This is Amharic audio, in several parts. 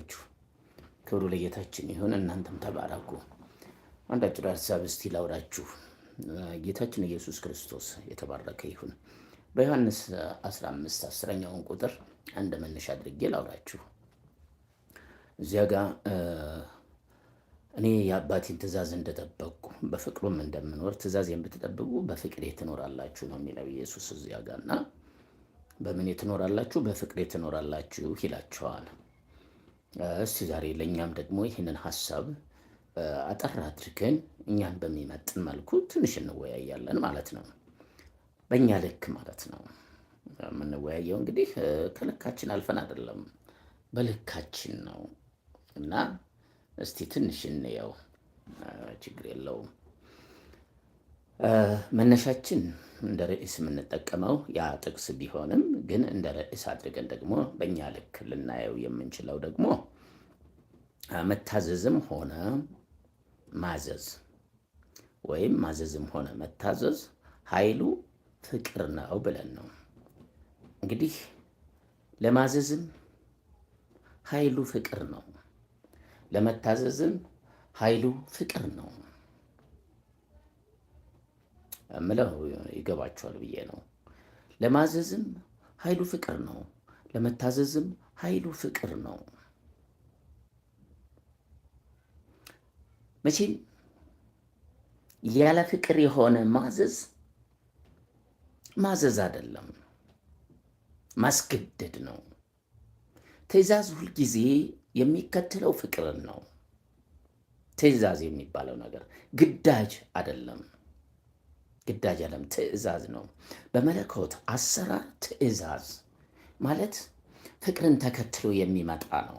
ያደረጋችሁ። ክብሩ ለጌታችን ይሁን። እናንተም ተባረኩ። አንድ አጭር ሀሳብ እስቲ ላውራችሁ። ጌታችን ኢየሱስ ክርስቶስ የተባረከ ይሁን። በዮሐንስ 15 አስረኛውን ቁጥር እንደ መነሻ አድርጌ ላውራችሁ። እዚያ ጋ እኔ የአባቴን ትእዛዝ እንደጠበቅኩ በፍቅሩም እንደምኖር ትእዛዝ የምትጠብቁ በፍቅሬ ትኖራላችሁ ነው የሚለው ኢየሱስ እዚያ ጋ እና በምኔ ትኖራላችሁ፣ በፍቅሬ ትኖራላችሁ ይላቸዋል። እስቲ ዛሬ ለእኛም ደግሞ ይህንን ሀሳብ አጠር አድርገን እኛን በሚመጥን መልኩ ትንሽ እንወያያለን ማለት ነው። በእኛ ልክ ማለት ነው የምንወያየው። እንግዲህ ከልካችን አልፈን አይደለም፣ በልካችን ነው እና እስቲ ትንሽ እንየው፣ ችግር የለውም። መነሻችን እንደ ርዕስ የምንጠቀመው ያ ጥቅስ ቢሆንም ግን እንደ ርዕስ አድርገን ደግሞ በእኛ ልክ ልናየው የምንችለው ደግሞ መታዘዝም ሆነ ማዘዝ ወይም ማዘዝም ሆነ መታዘዝ ኃይሉ ፍቅር ነው ብለን ነው። እንግዲህ ለማዘዝም ኃይሉ ፍቅር ነው፣ ለመታዘዝም ኃይሉ ፍቅር ነው። ምለው ይገባቸዋል ብዬ ነው። ለማዘዝም ኃይሉ ፍቅር ነው፣ ለመታዘዝም ኃይሉ ፍቅር ነው። መቼም ያለ ፍቅር የሆነ ማዘዝ ማዘዝ አይደለም፣ ማስገደድ ነው። ትዕዛዝ ሁልጊዜ የሚከተለው ፍቅርን ነው። ትዕዛዝ የሚባለው ነገር ግዳጅ አይደለም። ግዳጅ አለም ትእዛዝ ነው። በመለኮት አሰራር ትእዛዝ ማለት ፍቅርን ተከትሎ የሚመጣ ነው።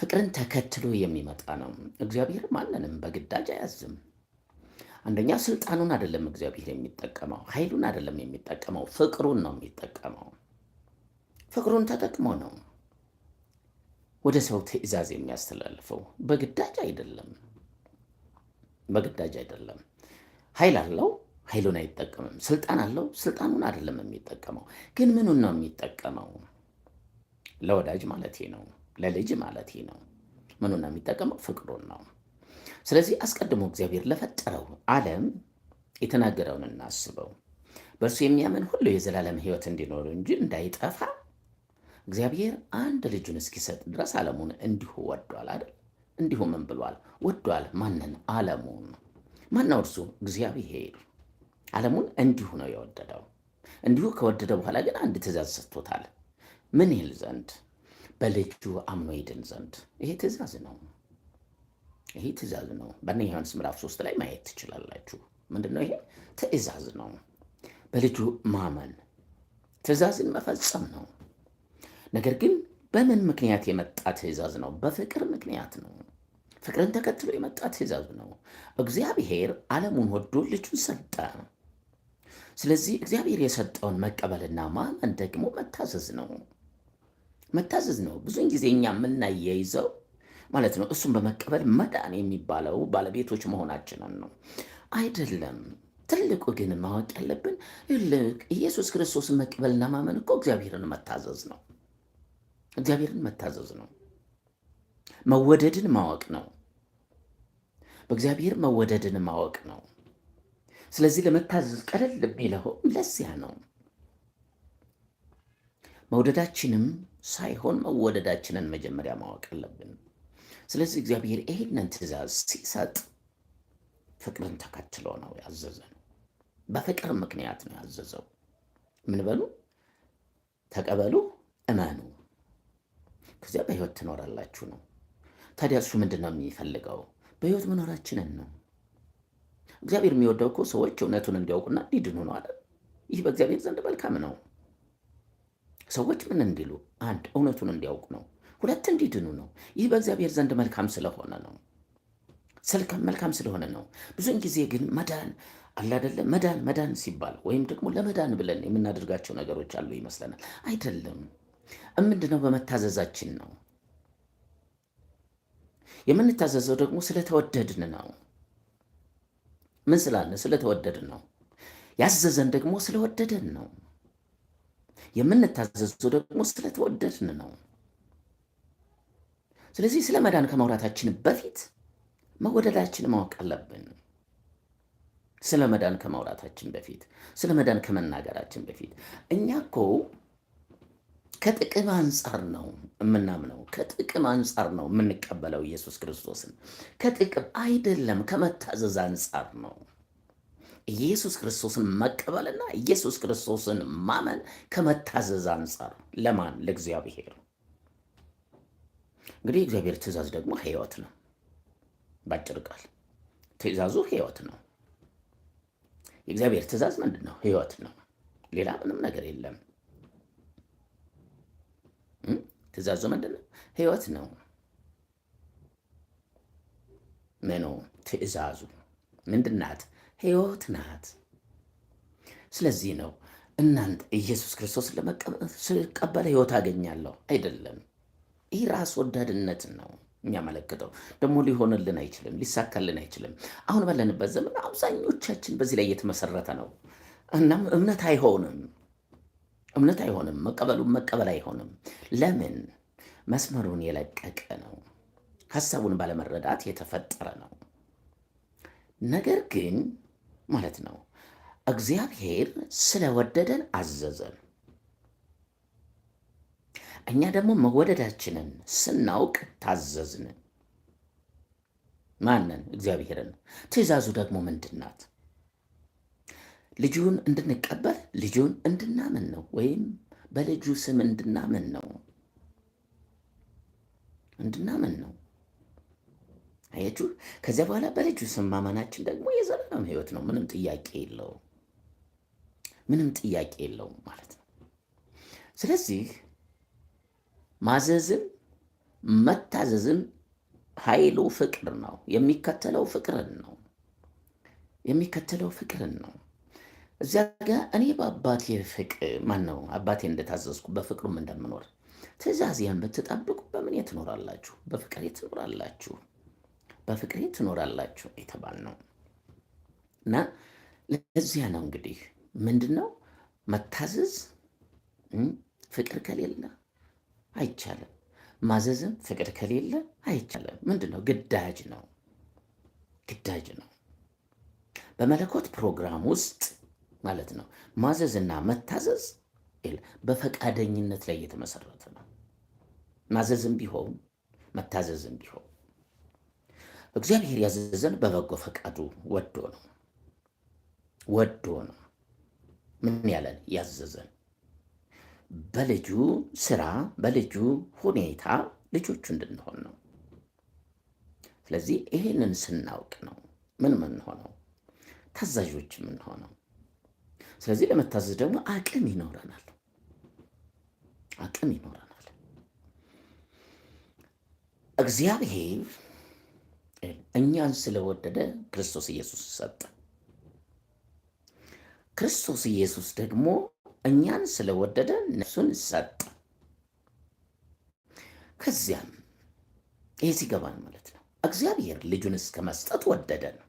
ፍቅርን ተከትሎ የሚመጣ ነው። እግዚአብሔር ማንንም በግዳጅ አያዝም። አንደኛ ስልጣኑን አይደለም እግዚአብሔር የሚጠቀመው፣ ኃይሉን አይደለም የሚጠቀመው፣ ፍቅሩን ነው የሚጠቀመው። ፍቅሩን ተጠቅሞ ነው ወደ ሰው ትእዛዝ የሚያስተላልፈው፣ በግዳጅ አይደለም፣ በግዳጅ አይደለም። ኃይል አለው፣ ኃይሉን አይጠቀምም። ስልጣን አለው፣ ስልጣኑን አይደለም የሚጠቀመው። ግን ምኑን ነው የሚጠቀመው? ለወዳጅ ማለት ነው፣ ለልጅ ማለት ነው። ምኑን ነው የሚጠቀመው? ፍቅሩን ነው። ስለዚህ አስቀድሞ እግዚአብሔር ለፈጠረው ዓለም የተናገረውን እናስበው። በእርሱ የሚያምን ሁሉ የዘላለም ሕይወት እንዲኖሩ እንጂ እንዳይጠፋ እግዚአብሔር አንድ ልጁን እስኪሰጥ ድረስ ዓለሙን እንዲሁ ወዷል አይደል? እንዲሁ ምን ብሏል? ወዷል። ማንን? ዓለሙን ማነው እርሱ? እግዚአብሔር ዓለሙን እንዲሁ ነው የወደደው። እንዲሁ ከወደደ በኋላ ግን አንድ ትእዛዝ ሰጥቶታል። ምን ይል ዘንድ? በልጁ አምኖ ይድን ዘንድ። ይሄ ትእዛዝ ነው። ይሄ ትእዛዝ ነው። በአንደኛ ዮሐንስ ምዕራፍ ሶስት ላይ ማየት ትችላላችሁ። ምንድን ነው ይሄ? ትእዛዝ ነው። በልጁ ማመን ትእዛዝን መፈጸም ነው። ነገር ግን በምን ምክንያት የመጣ ትእዛዝ ነው? በፍቅር ምክንያት ነው። ፍቅርን ተከትሎ የመጣ ትእዛዝ ነው። እግዚአብሔር ዓለሙን ወዶ ልጁን ሰጠ። ስለዚህ እግዚአብሔር የሰጠውን መቀበልና ማመን ደግሞ መታዘዝ ነው። መታዘዝ ነው። ብዙን ጊዜ እኛ የምናያይዘው ማለት ነው። እሱን በመቀበል መዳን የሚባለው ባለቤቶች መሆናችንን ነው። አይደለም። ትልቁ ግን ማወቅ ያለብን ኢየሱስ ክርስቶስን መቀበልና ማመን እኮ እግዚአብሔርን መታዘዝ ነው። እግዚአብሔርን መታዘዝ ነው። መወደድን ማወቅ ነው። በእግዚአብሔር መወደድን ማወቅ ነው። ስለዚህ ለመታዘዝ ቀለል የሚለውም ለዚያ ነው። መውደዳችንም ሳይሆን መወደዳችንን መጀመሪያ ማወቅ አለብን። ስለዚህ እግዚአብሔር ይህንን ትእዛዝ ሲሰጥ ፍቅርን ተከትሎ ነው ያዘዘን። በፍቅር ምክንያት ነው ያዘዘው። ምን በሉ? ተቀበሉ፣ እመኑ፣ ከዚያ በህይወት ትኖራላችሁ ነው። ታዲያ እሱ ምንድን ነው የሚፈልገው? በህይወት መኖራችንን ነው። እግዚአብሔር የሚወደው እኮ ሰዎች እውነቱን እንዲያውቁና እንዲድኑ ነው አለ። ይህ በእግዚአብሔር ዘንድ መልካም ነው። ሰዎች ምን እንዲሉ? አንድ እውነቱን እንዲያውቁ ነው። ሁለት እንዲድኑ ነው። ይህ በእግዚአብሔር ዘንድ መልካም ስለሆነ ነው። ስልካም መልካም ስለሆነ ነው። ብዙን ጊዜ ግን መዳን አላደለ መዳን መዳን ሲባል ወይም ደግሞ ለመዳን ብለን የምናደርጋቸው ነገሮች አሉ ይመስለናል። አይደለም። ምንድነው? በመታዘዛችን ነው። የምንታዘዘው ደግሞ ስለተወደድን ነው። ምን ስላለ? ስለተወደድን ነው። ያዘዘን ደግሞ ስለወደደን ነው። የምንታዘዘው ደግሞ ስለተወደድን ነው። ስለዚህ ስለ መዳን ከማውራታችን በፊት መወደዳችን ማወቅ አለብን። ስለ መዳን ከማውራታችን በፊት ስለ መዳን ከመናገራችን በፊት እኛ እኮ ከጥቅም አንጻር ነው የምናምነው። ከጥቅም አንጻር ነው የምንቀበለው ኢየሱስ ክርስቶስን። ከጥቅም አይደለም፣ ከመታዘዝ አንጻር ነው። ኢየሱስ ክርስቶስን መቀበልና ኢየሱስ ክርስቶስን ማመን ከመታዘዝ አንጻር ለማን? ለእግዚአብሔር። እንግዲህ እግዚአብሔር ትእዛዝ ደግሞ ህይወት ነው። ባጭር ቃል ትእዛዙ ህይወት ነው። የእግዚአብሔር ትእዛዝ ምንድን ነው? ህይወት ነው። ሌላ ምንም ነገር የለም። ትእዛዙ ምንድን ነው? ህይወት ነው። ምኑ ትእዛዙ ምንድን ናት? ህይወት ናት። ስለዚህ ነው እናንተ ኢየሱስ ክርስቶስ ስቀበለ ህይወት አገኛለሁ አይደለም። ይህ ራስ ወዳድነትን ነው የሚያመለክተው። ደግሞ ሊሆንልን አይችልም፣ ሊሳካልን አይችልም። አሁን ባለንበት ዘመን አብዛኞቻችን በዚህ ላይ እየተመሰረተ ነው። እናም እምነት አይሆንም እምነት አይሆንም። መቀበሉም መቀበል አይሆንም። ለምን? መስመሩን የለቀቀ ነው። ሀሳቡን ባለመረዳት የተፈጠረ ነው። ነገር ግን ማለት ነው እግዚአብሔር ስለወደደን አዘዘን። እኛ ደግሞ መወደዳችንን ስናውቅ ታዘዝን። ማንን? እግዚአብሔርን። ትእዛዙ ደግሞ ምንድን ናት? ልጁን እንድንቀበል ልጁን እንድናምን ነው፣ ወይም በልጁ ስም እንድናምን ነው እንድናምን ነው። አያችሁ፣ ከዚያ በኋላ በልጁ ስም ማመናችን ደግሞ የዘላለም ሕይወት ነው። ምንም ጥያቄ የለውም፣ ምንም ጥያቄ የለውም ማለት ነው። ስለዚህ ማዘዝም መታዘዝም ኃይሉ ፍቅር ነው። የሚከተለው ፍቅርን ነው። የሚከተለው ፍቅርን ነው። እዚያ ጋ እኔ በአባቴ ፍቅር ማን ነው አባቴ እንደታዘዝኩ በፍቅሩም እንደምኖር ትእዛዜን ብትጠብቁ በምን ትኖራላችሁ? በፍቅሬ ትኖራላችሁ፣ በፍቅሬ ትኖራላችሁ የተባል ነው እና ለዚያ ነው እንግዲህ ምንድን ነው መታዘዝ ፍቅር ከሌለ አይቻልም። ማዘዝም ፍቅር ከሌለ አይቻልም። ምንድን ነው ግዳጅ ነው፣ ግዳጅ ነው። በመለኮት ፕሮግራም ውስጥ ማለት ነው። ማዘዝና መታዘዝ በፈቃደኝነት ላይ የተመሰረተ ነው። ማዘዝም ቢሆን መታዘዝም ቢሆን እግዚአብሔር ያዘዘን በበጎ ፈቃዱ ወዶ ነው። ወዶ ነው። ምን ያለን ያዘዘን በልጁ ስራ በልጁ ሁኔታ ልጆቹ እንድንሆን ነው። ስለዚህ ይህንን ስናውቅ ነው ምን ምንሆነው ታዛዦች የምንሆነው ስለዚህ ለመታዘዝ ደግሞ አቅም ይኖረናል፣ አቅም ይኖረናል። እግዚአብሔር እኛን ስለወደደ ክርስቶስ ኢየሱስ ሰጠ። ክርስቶስ ኢየሱስ ደግሞ እኛን ስለወደደ ነፍሱን ሰጠ። ከዚያም ይሄ ሲገባን ማለት ነው እግዚአብሔር ልጁን እስከ መስጠት ነው።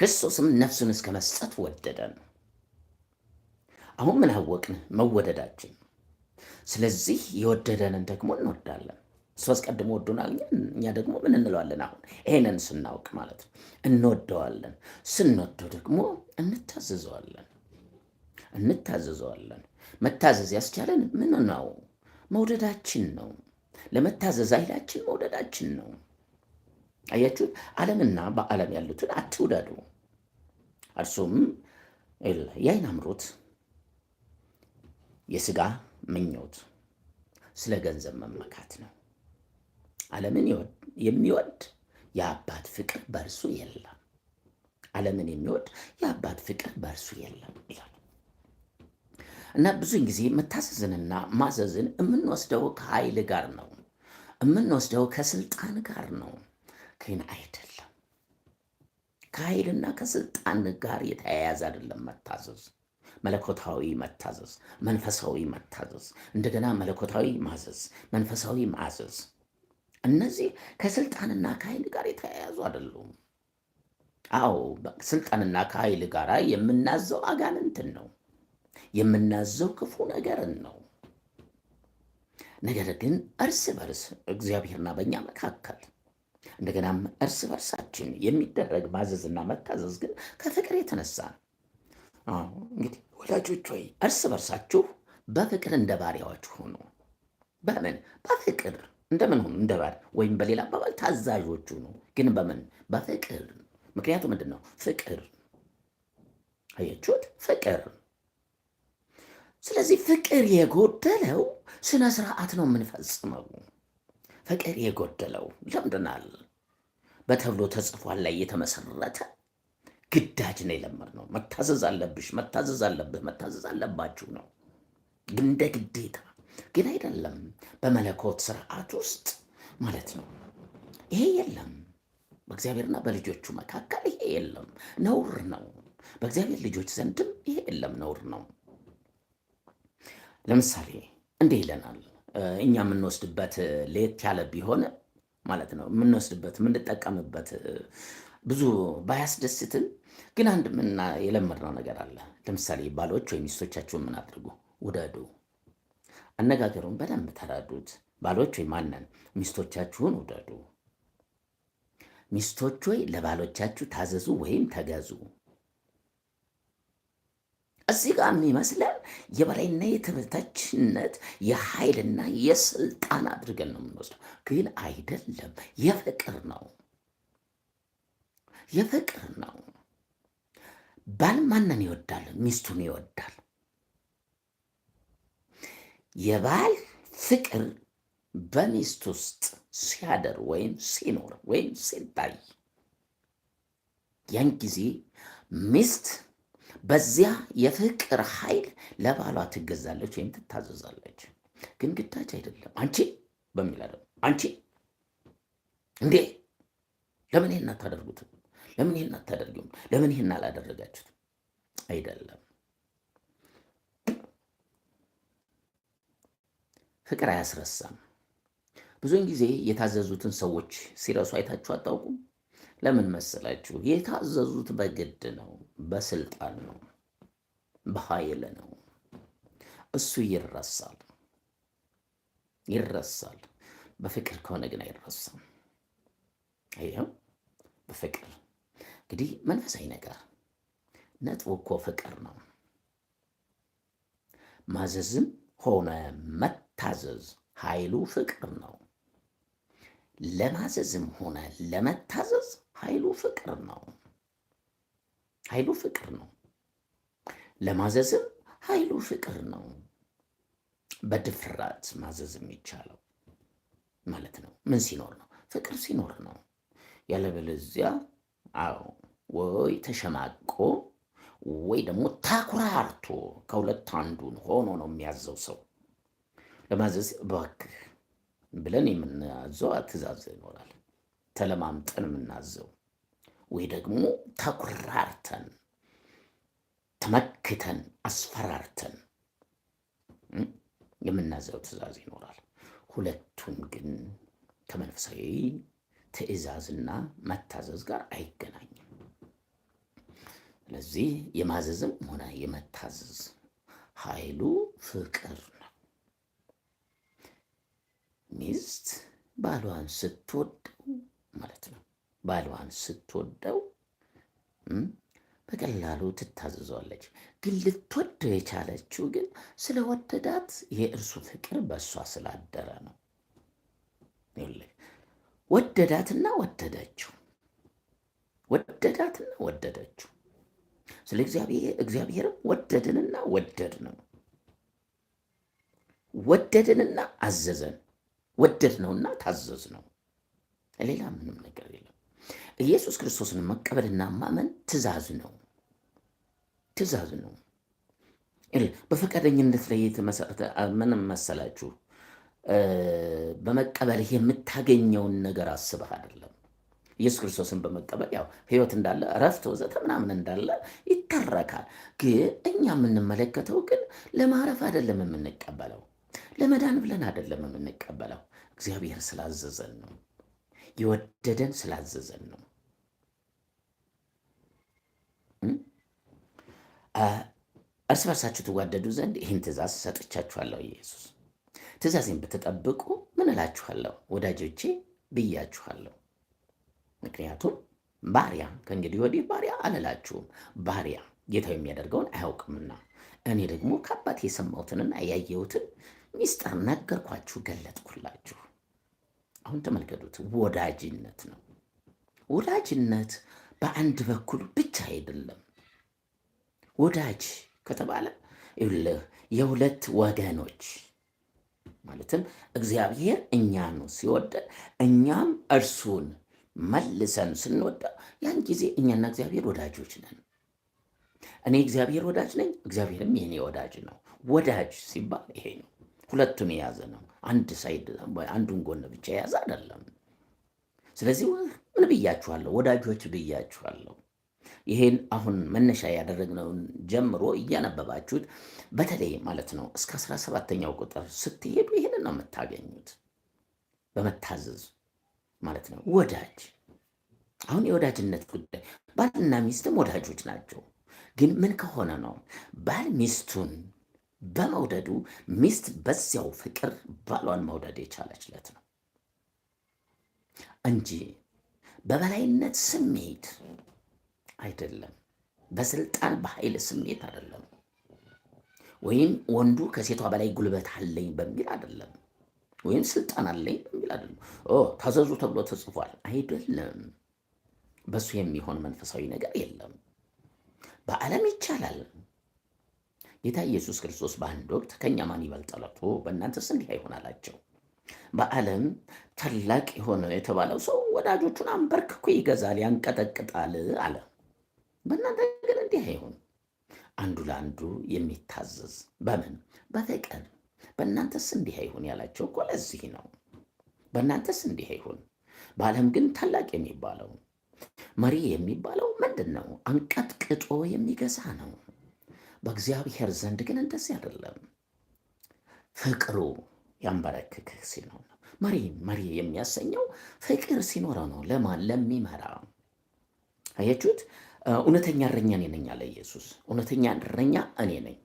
ክርስቶስም ነፍሱን እስከ መስጠት ወደደን። አሁን ምን አወቅን? መወደዳችን። ስለዚህ የወደደንን ደግሞ እንወዳለን። እሱ አስቀድሞ ወዶናል፣ እኛ ደግሞ ምን እንለዋለን? አሁን ይሄንን ስናውቅ ማለት ነው እንወደዋለን። ስንወደው ደግሞ እንታዘዘዋለን እንታዘዘዋለን። መታዘዝ ያስቻለን ምን ነው? መውደዳችን ነው። ለመታዘዝ ኃይላችን መውደዳችን ነው። አያችሁት? ዓለምና በዓለም ያሉትን አትውደዱ። እርሱም የዓይን አምሮት፣ የስጋ ምኞት፣ ስለ ገንዘብ መመካት ነው። ዓለምን የሚወድ የአባት ፍቅር በእርሱ የለም። ዓለምን የሚወድ የአባት ፍቅር በእርሱ የለም ይላል እና ብዙን ጊዜ መታዘዝንና ማዘዝን የምንወስደው ከኃይል ጋር ነው። የምንወስደው ከስልጣን ጋር ነው። ግን አይደለም። ከኃይልና ከስልጣን ጋር የተያያዘ አይደለም መታዘዝ መለኮታዊ መታዘዝ፣ መንፈሳዊ መታዘዝ፣ እንደገና መለኮታዊ ማዘዝ፣ መንፈሳዊ ማዘዝ። እነዚህ ከስልጣንና ከኃይል ጋር የተያያዙ አይደሉም። አዎ ስልጣንና ከኃይል ጋር የምናዘው አጋንንትን ነው፣ የምናዘው ክፉ ነገርን ነው። ነገር ግን እርስ በርስ እግዚአብሔርና በእኛ መካከል እንደገናም እርስ በርሳችን የሚደረግ ማዘዝና መታዘዝ ግን ከፍቅር የተነሳ ነው። እንግዲህ ወዳጆች ሆይ እርስ በርሳችሁ በፍቅር እንደ ባሪያዎች ሁኑ። በምን በፍቅር እንደምን ሁኑ? እንደ ባሪያ ወይም በሌላ አባባል ታዛዦች ሁኑ። ግን በምን በፍቅር። ምክንያቱ ምንድን ነው? ፍቅር። አያችሁት? ፍቅር። ስለዚህ ፍቅር የጎደለው ስነ ስርዓት ነው የምንፈጽመው። ፍቅር የጎደለው ለምደናል። በተብሎ ተጽፏል ላይ የተመሰረተ ግዳጅ ነው የለመድነው። መታዘዝ አለብሽ፣ መታዘዝ አለብህ፣ መታዘዝ አለባችሁ ነው እንደ ግዴታ ግን አይደለም። በመለኮት ስርዓት ውስጥ ማለት ነው ይሄ የለም። በእግዚአብሔርና በልጆቹ መካከል ይሄ የለም፣ ነውር ነው። በእግዚአብሔር ልጆች ዘንድም ይሄ የለም፣ ነውር ነው። ለምሳሌ እንዲህ ይለናል እኛ የምንወስድበት ለየት ያለ ቢሆን ማለት ነው። የምንወስድበት የምንጠቀምበት ብዙ ባያስደስትም ግን አንድ ምና የለመድነው ነገር አለ። ለምሳሌ ባሎች ወይም ሚስቶቻችሁን ምን አድርጉ፣ ውደዱ። አነጋገሩን በደንብ ተረዱት። ባሎች ወይ ማንን ሚስቶቻችሁን ውደዱ። ሚስቶች ወይ ለባሎቻችሁ ታዘዙ ወይም ተገዙ። እዚህ ጋር የሚመስለን የበላይና የትምህርታችነት የኃይልና የስልጣን አድርገን ነው የምንወስደው፣ ግን አይደለም። የፍቅር ነው፣ የፍቅር ነው። ባል ማንን ይወዳል? ሚስቱን ይወዳል። የባል ፍቅር በሚስት ውስጥ ሲያደር ወይም ሲኖር ወይም ሲታይ ያን ጊዜ ሚስት በዚያ የፍቅር ኃይል ለባሏ ትገዛለች ወይም ትታዘዛለች። ግን ግዳጅ አይደለም። አንቺ በሚል አለ አንቺ እንዴ ለምን ይህን አታደርጉትም? ለምን ይህን አታደርጊም? ለምን ይህን አላደረጋችሁትም? አይደለም። ፍቅር አያስረሳም። ብዙውን ጊዜ የታዘዙትን ሰዎች ሲረሱ አይታችሁ አታውቁም? ለምን መሰላችሁ? የታዘዙት በግድ ነው፣ በስልጣን ነው፣ በኃይል ነው። እሱ ይረሳል ይረሳል። በፍቅር ከሆነ ግን አይረሳም። ይኸው በፍቅር እንግዲህ መንፈሳዊ ነገር ነጥቡ እኮ ፍቅር ነው። ማዘዝም ሆነ መታዘዝ ኃይሉ ፍቅር ነው። ለማዘዝም ሆነ ለመታዘዝ ኃይሉ ፍቅር ነው። ኃይሉ ፍቅር ነው። ለማዘዝም ኃይሉ ፍቅር ነው። በድፍረት ማዘዝ የሚቻለው ማለት ነው። ምን ሲኖር ነው? ፍቅር ሲኖር ነው። ያለበለዚያ አዎ ወይ ተሸማቆ ወይ ደግሞ ታኩራርቶ ከሁለት አንዱን ሆኖ ነው የሚያዘው ሰው ለማዘዝ እባክህ ብለን የምናዘው ትእዛዝ ይኖራል። ተለማምጠን የምናዘው ወይ ደግሞ ተኩራርተን ተመክተን አስፈራርተን የምናዘው ትእዛዝ ይኖራል። ሁለቱም ግን ከመንፈሳዊ ትእዛዝና መታዘዝ ጋር አይገናኝም። ስለዚህ የማዘዝም ሆነ የመታዘዝ ኃይሉ ፍቅር ሚስት ባሏን ስትወደው ማለት ነው፣ ባሏን ስትወደው በቀላሉ ትታዘዘዋለች። ግን ልትወደው የቻለችው ግን ስለወደዳት የእርሱ ፍቅር በእሷ ስላደረ ነው። ወደዳትና ወደደችው፣ ወደዳትና ወደደችው። ስለ እግዚአብሔር እግዚአብሔርም ወደድንና ወደድ ነው። ወደድንና አዘዘን ወደድ ነውና ታዘዝ ነው። ሌላ ምንም ነገር የለም። ኢየሱስ ክርስቶስን መቀበልና ማመን ትእዛዝ ነው። ትእዛዝ ነው። በፈቃደኝነት ላይ የተመሰረተ ምንም መሰላችሁ፣ በመቀበልህ የምታገኘውን ነገር አስበህ አይደለም። ኢየሱስ ክርስቶስን በመቀበል ያው ህይወት እንዳለ እረፍት ወዘተ ምናምን እንዳለ ይተረካል። ግን እኛ የምንመለከተው ግን ለማረፍ አይደለም የምንቀበለው ለመዳን ብለን አይደለም የምንቀበለው። እግዚአብሔር ስላዘዘን ነው፣ የወደደን ስላዘዘን ነው። እርስ በርሳችሁ ትዋደዱ ዘንድ ይህን ትእዛዝ ሰጥቻችኋለሁ። ኢየሱስ ትእዛዜን ብትጠብቁ ምን እላችኋለሁ ወዳጆቼ ብያችኋለሁ። ምክንያቱም ባሪያ ከእንግዲህ ወዲህ ባሪያ አልላችሁም፣ ባሪያ ጌታው የሚያደርገውን አያውቅምና እኔ ደግሞ ከአባቴ የሰማሁትንና ያየሁትን ሚስጥር ነገርኳችሁ፣ ገለጥኩላችሁ። አሁን ተመልከቱት፣ ወዳጅነት ነው። ወዳጅነት በአንድ በኩል ብቻ አይደለም። ወዳጅ ከተባለ ይኸውልህ የሁለት ወገኖች ማለትም እግዚአብሔር እኛን ሲወደን እኛም እርሱን መልሰን ስንወዳ ያን ጊዜ እኛና እግዚአብሔር ወዳጆች ነን። እኔ እግዚአብሔር ወዳጅ ነኝ፣ እግዚአብሔርም የኔ ወዳጅ ነው። ወዳጅ ሲባል ይሄ ነው። ሁለቱን የያዘ ነው። አንድ ሳይድ አንዱን ጎን ብቻ የያዘ አይደለም። ስለዚህ ምን ብያችኋለሁ? ወዳጆች ብያችኋለሁ። ይሄን አሁን መነሻ ያደረግነውን ጀምሮ እያነበባችሁት በተለይ ማለት ነው እስከ አስራ ሰባተኛው ቁጥር ስትሄዱ ይህን ነው የምታገኙት። በመታዘዝ ማለት ነው ወዳጅ አሁን የወዳጅነት ጉዳይ ባልና ሚስትም ወዳጆች ናቸው። ግን ምን ከሆነ ነው ባል ሚስቱን በመውደዱ ሚስት በዚያው ፍቅር ባሏን መውደድ የቻለችለት ነው እንጂ በበላይነት ስሜት አይደለም። በስልጣን በኃይል ስሜት አይደለም። ወይም ወንዱ ከሴቷ በላይ ጉልበት አለኝ በሚል አይደለም። ወይም ስልጣን አለኝ በሚል አይደለም። ታዘዙ ተብሎ ተጽፏል አይደለም። በሱ የሚሆን መንፈሳዊ ነገር የለም። በዓለም ይቻላል ጌታ ኢየሱስ ክርስቶስ በአንድ ወቅት ከእኛ ማን ይበልጠለቶ በእናንተስ እንዲህ አይሆን አላቸው። በዓለም ታላቅ የሆነ የተባለው ሰው ወዳጆቹን አንበርክኮ ይገዛል፣ ያንቀጠቅጣል አለ። በእናንተ ግን እንዲህ አይሆን። አንዱ ለአንዱ የሚታዘዝ በምን በፍቅር በእናንተስ እንዲህ አይሆን ያላቸው እኮ ለዚህ ነው። በእናንተስ እንዲህ አይሆን። በዓለም ግን ታላቅ የሚባለው መሪ የሚባለው ምንድን ነው? አንቀጥቅጦ የሚገዛ ነው። በእግዚአብሔር ዘንድ ግን እንደዚህ አይደለም። ፍቅሩ ያንበረክክህ ሲኖር ነው። መሪ መሪ የሚያሰኘው ፍቅር ሲኖረው ነው። ለማን ለሚመራ አያችሁት? እውነተኛ እረኛ እኔ ነኝ አለ ኢየሱስ። እውነተኛ እረኛ እኔ ነኝ።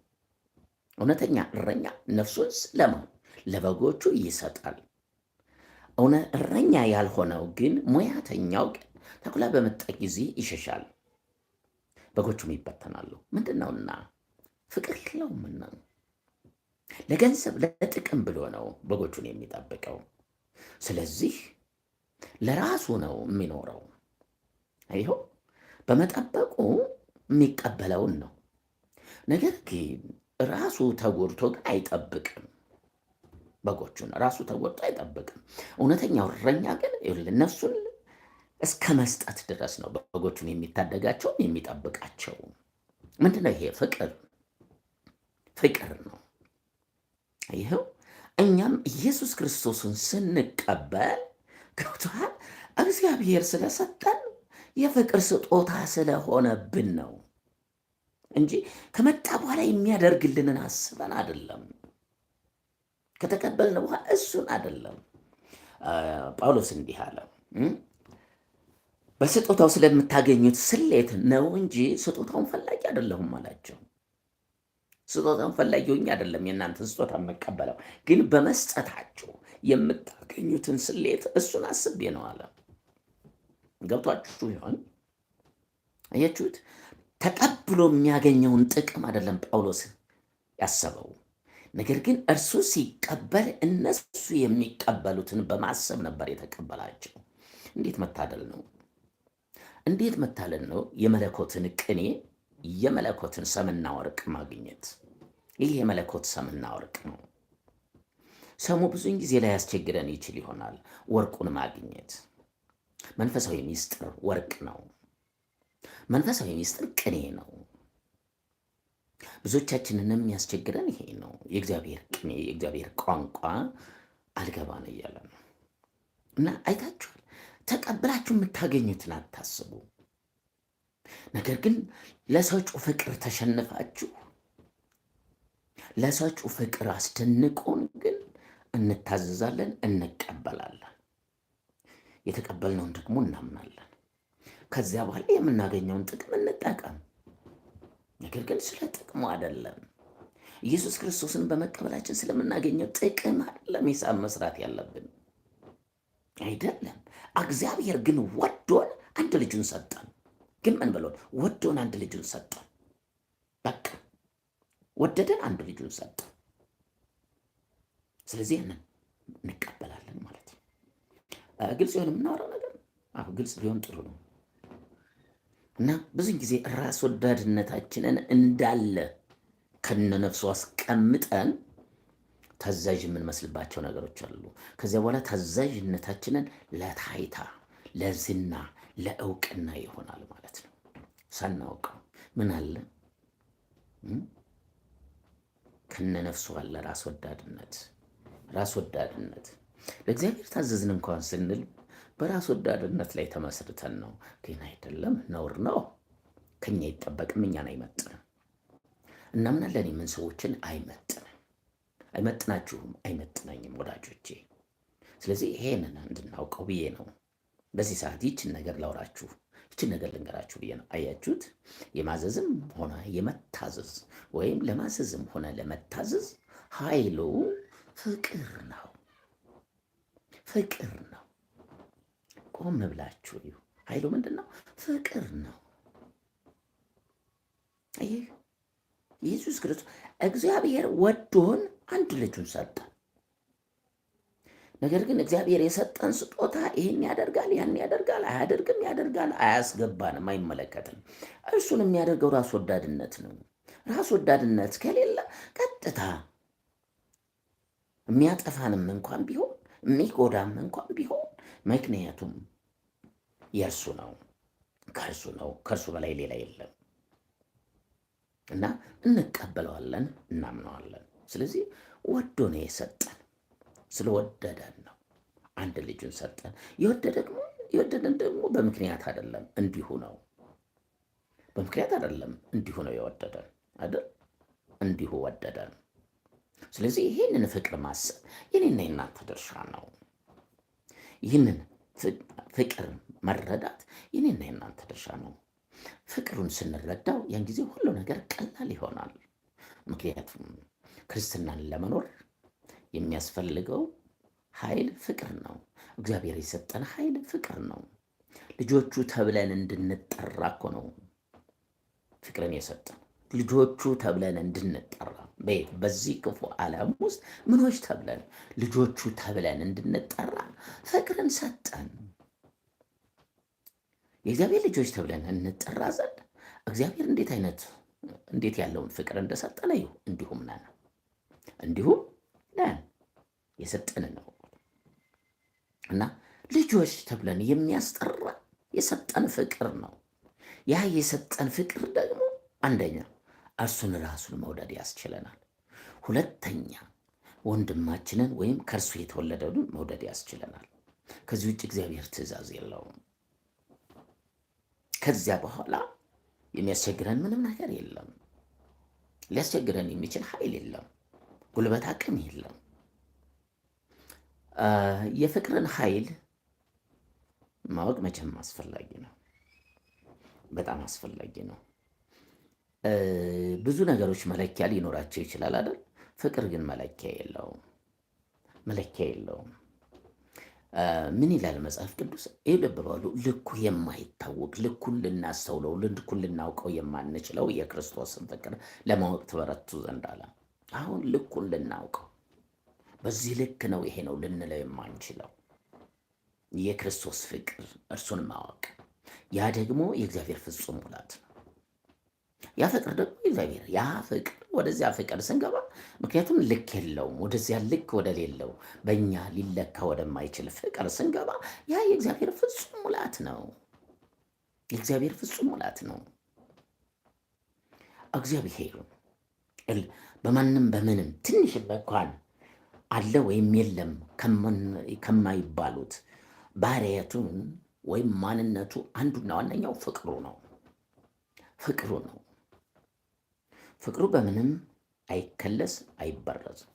እውነተኛ እረኛ ነፍሱን ለማን ለበጎቹ ይሰጣል። እውነ እረኛ ያልሆነው ግን ሙያተኛው ግን ተኩላ በመጣ ጊዜ ይሸሻል፣ በጎቹም ይበተናሉ። ምንድን ነውና ፍቅር የለውምና ለገንዘብ ለጥቅም ብሎ ነው በጎቹን የሚጠብቀው። ስለዚህ ለራሱ ነው የሚኖረው። ይኸው በመጠበቁ የሚቀበለውን ነው። ነገር ግን ራሱ ተጎድቶ ግን አይጠብቅም በጎቹን። ራሱ ተጎድቶ አይጠብቅም። እውነተኛው እረኛ ግን እነሱን እስከ መስጠት ድረስ ነው በጎቹን የሚታደጋቸውም የሚጠብቃቸው። ምንድነው ይሄ ፍቅር? ፍቅር ነው። ይኸው እኛም ኢየሱስ ክርስቶስን ስንቀበል ገብቶሃል፣ እግዚአብሔር ስለሰጠን የፍቅር ስጦታ ስለሆነብን ነው እንጂ ከመጣ በኋላ የሚያደርግልንን አስበን አይደለም። ከተቀበልን በኋላ እሱን አይደለም። ጳውሎስ እንዲህ አለ፣ በስጦታው ስለምታገኙት ስሌት ነው እንጂ ስጦታውን ፈላጊ አይደለሁም አላቸው። ስጦታን ፈላጊውኝ አይደለም የእናንተን ስጦታ የምቀበለው፣ ግን በመስጠታችሁ የምታገኙትን ስሌት እሱን አስቤ ነው አለ። ገብቷችሁ ይሆን? አያችሁት? ተቀብሎ የሚያገኘውን ጥቅም አይደለም ጳውሎስ ያሰበው፣ ነገር ግን እርሱ ሲቀበል እነሱ የሚቀበሉትን በማሰብ ነበር የተቀበላቸው። እንዴት መታደል ነው! እንዴት መታደል ነው! የመለኮትን ቅኔ የመለኮትን ሰምና ወርቅ ማግኘት። ይህ የመለኮት ሰምና ወርቅ ነው። ሰሙ ብዙን ጊዜ ላይ ያስቸግረን ይችል ይሆናል። ወርቁን ማግኘት መንፈሳዊ ሚስጥር ወርቅ ነው። መንፈሳዊ ሚስጥር ቅኔ ነው። ብዙዎቻችንንም የሚያስቸግረን ይሄ ነው። የእግዚአብሔር ቅኔ፣ የእግዚአብሔር ቋንቋ አልገባ ነው እያለ ነው እና አይታችኋል። ተቀብላችሁ የምታገኙትን አታስቡ። ነገር ግን ለሰጩ ፍቅር ተሸንፋችሁ ለሰጩ ፍቅር አስደንቆን ግን እንታዘዛለን፣ እንቀበላለን። የተቀበልነውን ደግሞ እናምናለን። ከዚያ በኋላ የምናገኘውን ጥቅም እንጠቀም። ነገር ግን ስለ ጥቅሙ አይደለም፣ ኢየሱስ ክርስቶስን በመቀበላችን ስለምናገኘው ጥቅም አይደለም ሂሳብ መስራት ያለብን አይደለም። እግዚአብሔር ግን ወዶን አንድ ልጁን ሰጠን። ግን ምን ብሎን ወዶን አንድ ልጁን ሰጠ። በቃ ወደደን አንድ ልጁን ሰጠ። ስለዚህ ያንን እንቀበላለን ማለት ነው። ግልጽ የሆነ የምናወራው ነገር አሁ ግልጽ ቢሆን ጥሩ ነው እና ብዙን ጊዜ ራስ ወዳድነታችንን እንዳለ ከነነፍሱ አስቀምጠን ታዛዥ የምንመስልባቸው ነገሮች አሉ። ከዚያ በኋላ ታዛዥነታችንን ለታይታ ለዝና ለእውቅና ይሆናል ማለት ነው። ሳናውቀው ምን አለ ከነነፍሱ አለ ራስ ወዳድነት ራስ ወዳድነት ለእግዚአብሔር ታዘዝን እንኳን ስንል በራስ ወዳድነት ላይ ተመስርተን ነው። ግን አይደለም፣ ነውር ነው። ከኛ ይጠበቅም፣ እኛን አይመጥንም። እናምናለን። የምን ሰዎችን አይመጥንም፣ አይመጥናችሁም፣ አይመጥናኝም ወዳጆቼ። ስለዚህ ይሄንን እንድናውቀው ብዬ ነው። በዚህ ሰዓት ይችን ነገር ላውራችሁ፣ ይችን ነገር ልንገራችሁ ብዬ ነው። አያችሁት? የማዘዝም ሆነ የመታዘዝ ወይም ለማዘዝም ሆነ ለመታዘዝ ኃይሉ ፍቅር ነው። ፍቅር ነው። ቆም ብላችሁ እዩ። ኃይሉ ምንድን ነው? ፍቅር ነው። ይህ ኢየሱስ ክርስቶስ እግዚአብሔር ወዶን አንድ ልጁን ሰጠ። ነገር ግን እግዚአብሔር የሰጠን ስጦታ ይህን ያደርጋል ያን ያደርጋል አያደርግም ያደርጋል አያስገባንም፣ አይመለከትም። እርሱን የሚያደርገው ራስ ወዳድነት ነው። ራስ ወዳድነት ከሌለ ቀጥታ የሚያጠፋንም እንኳን ቢሆን የሚጎዳም እንኳን ቢሆን ምክንያቱም የእርሱ ነው፣ ከእርሱ ነው፣ ከእርሱ በላይ ሌላ የለም እና እንቀበለዋለን፣ እናምነዋለን። ስለዚህ ወዶ ነው የሰጠን። ስለወደደን ነው አንድ ልጁን ሰጠን። የወደደ ደግሞ የወደደን ደግሞ በምክንያት አይደለም፣ እንዲሁ ነው። በምክንያት አይደለም፣ እንዲሁ ነው የወደደን አይደል? እንዲሁ ወደደን። ስለዚህ ይህንን ፍቅር ማሰብ የኔና የናንተ ድርሻ ነው። ይህንን ፍቅር መረዳት የኔና የናንተ ድርሻ ነው። ፍቅሩን ስንረዳው ያን ጊዜ ሁሉ ነገር ቀላል ይሆናል። ምክንያቱም ክርስትናን ለመኖር የሚያስፈልገው ኃይል ፍቅር ነው። እግዚአብሔር የሰጠን ኃይል ፍቅር ነው። ልጆቹ ተብለን እንድንጠራ እኮ ነው ፍቅርን የሰጠን። ልጆቹ ተብለን እንድንጠራ በዚህ ክፉ ዓለም ውስጥ ምኖች ተብለን ልጆቹ ተብለን እንድንጠራ ፍቅርን ሰጠን። የእግዚአብሔር ልጆች ተብለን እንጠራ ዘንድ እግዚአብሔር እንዴት አይነት እንዴት ያለውን ፍቅር እንደሰጠነ ይሁ እንዲሁም ነን እንዲሁም የሰጠንን ነው እና ልጆች ተብለን የሚያስጠራ የሰጠን ፍቅር ነው። ያ የሰጠን ፍቅር ደግሞ አንደኛ እርሱን ራሱን መውደድ ያስችለናል። ሁለተኛ ወንድማችንን ወይም ከእርሱ የተወለደውን መውደድ ያስችለናል። ከዚህ ውጭ እግዚአብሔር ትእዛዝ የለውም። ከዚያ በኋላ የሚያስቸግረን ምንም ነገር የለም። ሊያስቸግረን የሚችል ኃይል የለም። ጉልበት አቅም የለም። የፍቅርን ኃይል ማወቅ መቼም አስፈላጊ ነው፣ በጣም አስፈላጊ ነው። ብዙ ነገሮች መለኪያ ሊኖራቸው ይችላል አይደል? ፍቅር ግን መለኪያ የለውም፣ መለኪያ የለውም። ምን ይላል መጽሐፍ ቅዱስ? ይህ ልብ በሉ። ልኩ የማይታወቅ ልኩን ልናስተውለው ልኩን ልናውቀው የማንችለው የክርስቶስን ፍቅር ለማወቅ ትበረቱ ዘንድ አለ። አሁን ልኩን ልናውቀው በዚህ ልክ ነው ይሄ ነው ልንለው የማንችለው የክርስቶስ ፍቅር እርሱን ማወቅ ያ ደግሞ የእግዚአብሔር ፍጹም ሙላት ነው። ያ ፍቅር ደግሞ እግዚአብሔር ያ ፍቅር ወደዚያ ፍቅር ስንገባ ምክንያቱም ልክ የለውም ወደዚያ ልክ ወደሌለው በእኛ ሊለካ ወደማይችል ፍቅር ስንገባ ያ የእግዚአብሔር ፍጹም ሙላት ነው። የእግዚአብሔር ፍጹም ሙላት ነው። እግዚአብሔር ጥል በማንም በምንም ትንሽ እንኳን አለ ወይም የለም ከማይባሉት ባህሪያቱን ወይም ማንነቱ አንዱና ዋነኛው ፍቅሩ ነው። ፍቅሩ ነው። ፍቅሩ በምንም አይከለስ አይበረዝም፣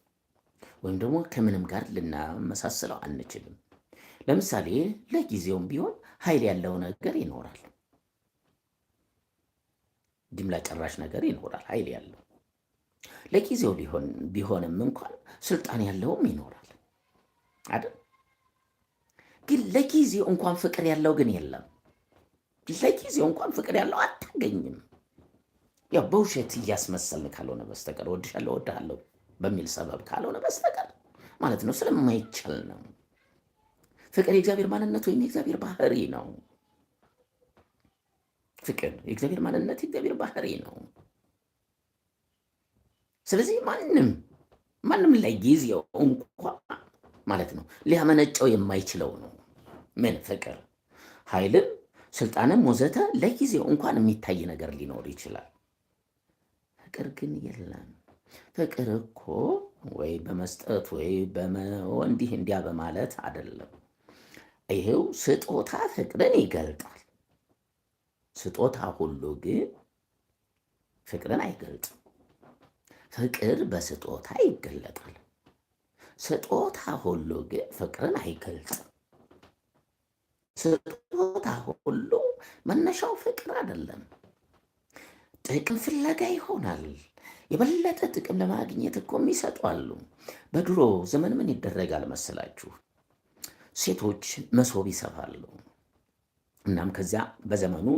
ወይም ደግሞ ከምንም ጋር ልናመሳስለው አንችልም። ለምሳሌ ለጊዜውም ቢሆን ኃይል ያለው ነገር ይኖራል፣ ጅምላ ጨራሽ ነገር ይኖራል ኃይል ያለው ለጊዜው ቢሆንም እንኳን ስልጣን ያለውም ይኖራል አይደል? ግን ለጊዜው እንኳን ፍቅር ያለው ግን የለም። ለጊዜው እንኳን ፍቅር ያለው አታገኝም። ያው በውሸት እያስመሰልን ካልሆነ በስተቀር ወድሻለሁ ወድሃለሁ በሚል ሰበብ ካልሆነ በስተቀር ማለት ነው። ስለማይቻል ነው። ፍቅር የእግዚአብሔር ማንነት ወይም የእግዚአብሔር ባህሪ ነው። ፍቅር የእግዚአብሔር ማንነት የእግዚአብሔር ባህሪ ነው። ስለዚህ ማንም ማንም ለጊዜው እንኳ ማለት ነው ሊያመነጨው የማይችለው ነው። ምን ፍቅር፣ ኃይልም፣ ስልጣንም ወዘተ ለጊዜው እንኳን የሚታይ ነገር ሊኖር ይችላል። ፍቅር ግን የለም። ፍቅር እኮ ወይ በመስጠት ወይ እንዲህ እንዲያ በማለት አይደለም። ይሄው ስጦታ ፍቅርን ይገልጣል። ስጦታ ሁሉ ግን ፍቅርን አይገልጥም። ፍቅር በስጦታ ይገለጣል። ስጦታ ሁሉ ግን ፍቅርን አይገልጽም። ስጦታ ሁሉ መነሻው ፍቅር አይደለም። ጥቅም ፍለጋ ይሆናል። የበለጠ ጥቅም ለማግኘት እኮ የሚሰጡ አሉ። በድሮ ዘመን ምን ይደረጋል መሰላችሁ? ሴቶች መሶብ ይሰፋሉ። እናም ከዚያ በዘመኑ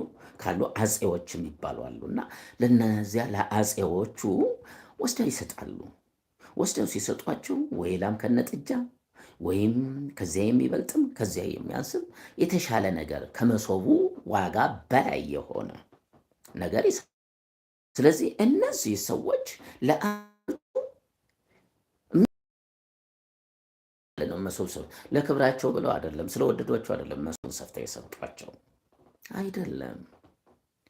ካሉ አፄዎች የሚባሉ አሉ እና ለነዚያ ለአፄዎቹ ወስደው ይሰጣሉ። ወስደው ሲሰጧቸው ወይ ላም ከነጥጃ ወይም ከዚያ የሚበልጥም ከዚያ የሚያንስም የተሻለ ነገር ከመሶቡ ዋጋ በላይ የሆነ ነገር ይሰጣሉ። ስለዚህ እነዚህ ሰዎች ለአንዱ መሶብ ለክብራቸው ብለው አይደለም፣ ስለወደዷቸው አይደለም መሶብ ሰፍተው የሰጧቸው አይደለም።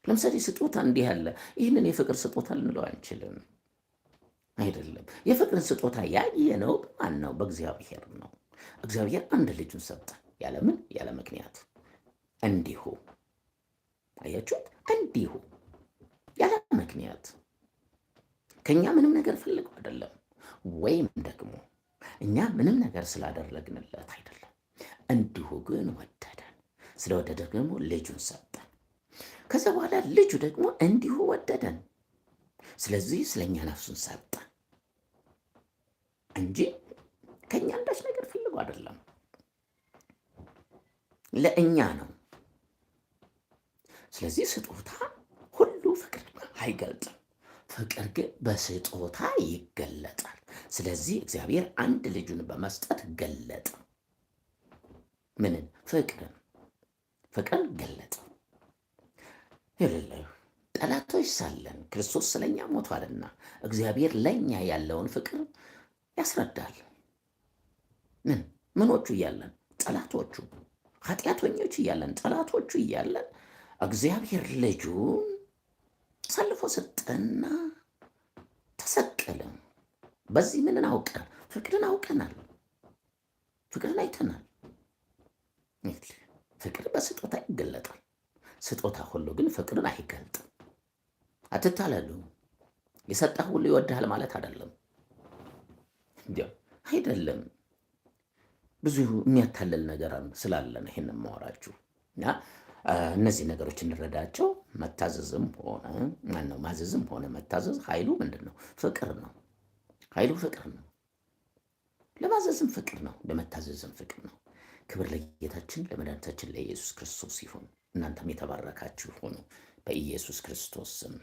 ለምሳሌ ስጦታ እንዲህ ያለ ይህንን የፍቅር ስጦታ ልንለው አንችልም። አይደለም። የፍቅርን ስጦታ ያየነው በማን ነው? በእግዚአብሔር ነው። እግዚአብሔር አንድ ልጁን ሰጠ። ያለምን ያለ ምክንያት እንዲሁ አያችሁት። እንዲሁ ያለ ምክንያት ከእኛ ምንም ነገር ፈልገው አይደለም፣ ወይም ደግሞ እኛ ምንም ነገር ስላደረግንለት አይደለም። እንዲሁ ግን ወደደን። ስለወደደ ደግሞ ልጁን ሰጠን። ከዚያ በኋላ ልጁ ደግሞ እንዲሁ ወደደን። ስለዚህ ስለኛ ነፍሱን ሰጠን። እንጂ ከእኛ አንዳች ነገር ፈልጎ አይደለም፣ ለእኛ ነው። ስለዚህ ስጦታ ሁሉ ፍቅር አይገልጥም። ፍቅር ግን በስጦታ ይገለጣል። ስለዚህ እግዚአብሔር አንድ ልጁን በመስጠት ገለጠ። ምንን? ፍቅርን። ፍቅርን ገለጠ። ጠላቶች ሳለን ክርስቶስ ስለኛ ሞቷልና እግዚአብሔር ለእኛ ያለውን ፍቅር ያስረዳል። ምን ምኖቹ እያለን ጠላቶቹ፣ ኃጢአተኞች እያለን ጠላቶቹ እያለን እግዚአብሔር ልጁን አሳልፎ ሰጠና ተሰቀለም በዚህ ምንን አውቀን ፍቅርን አውቀናል። ፍቅርን አይተናል። ፍቅር በስጦታ ይገለጣል። ስጦታ ሁሉ ግን ፍቅርን አይገልጥም። አትታለሉ። የሰጠህ ሁሉ ይወድሃል ማለት አይደለም። እንዲያው አይደለም ብዙ የሚያታለል ነገር ስላለን ይህን የማወራችሁ። እና እነዚህ ነገሮች እንረዳቸው። መታዘዝም ሆነ ማነው ማዘዝም ሆነ መታዘዝ ኃይሉ ምንድን ነው? ፍቅር ነው። ኃይሉ ፍቅር ነው። ለማዘዝም ፍቅር ነው፣ ለመታዘዝም ፍቅር ነው። ክብር ለጌታችን ለመድኃኒታችን ለኢየሱስ ክርስቶስ ይሁን። እናንተም የተባረካችሁ ሆኑ በኢየሱስ ክርስቶስ ስም።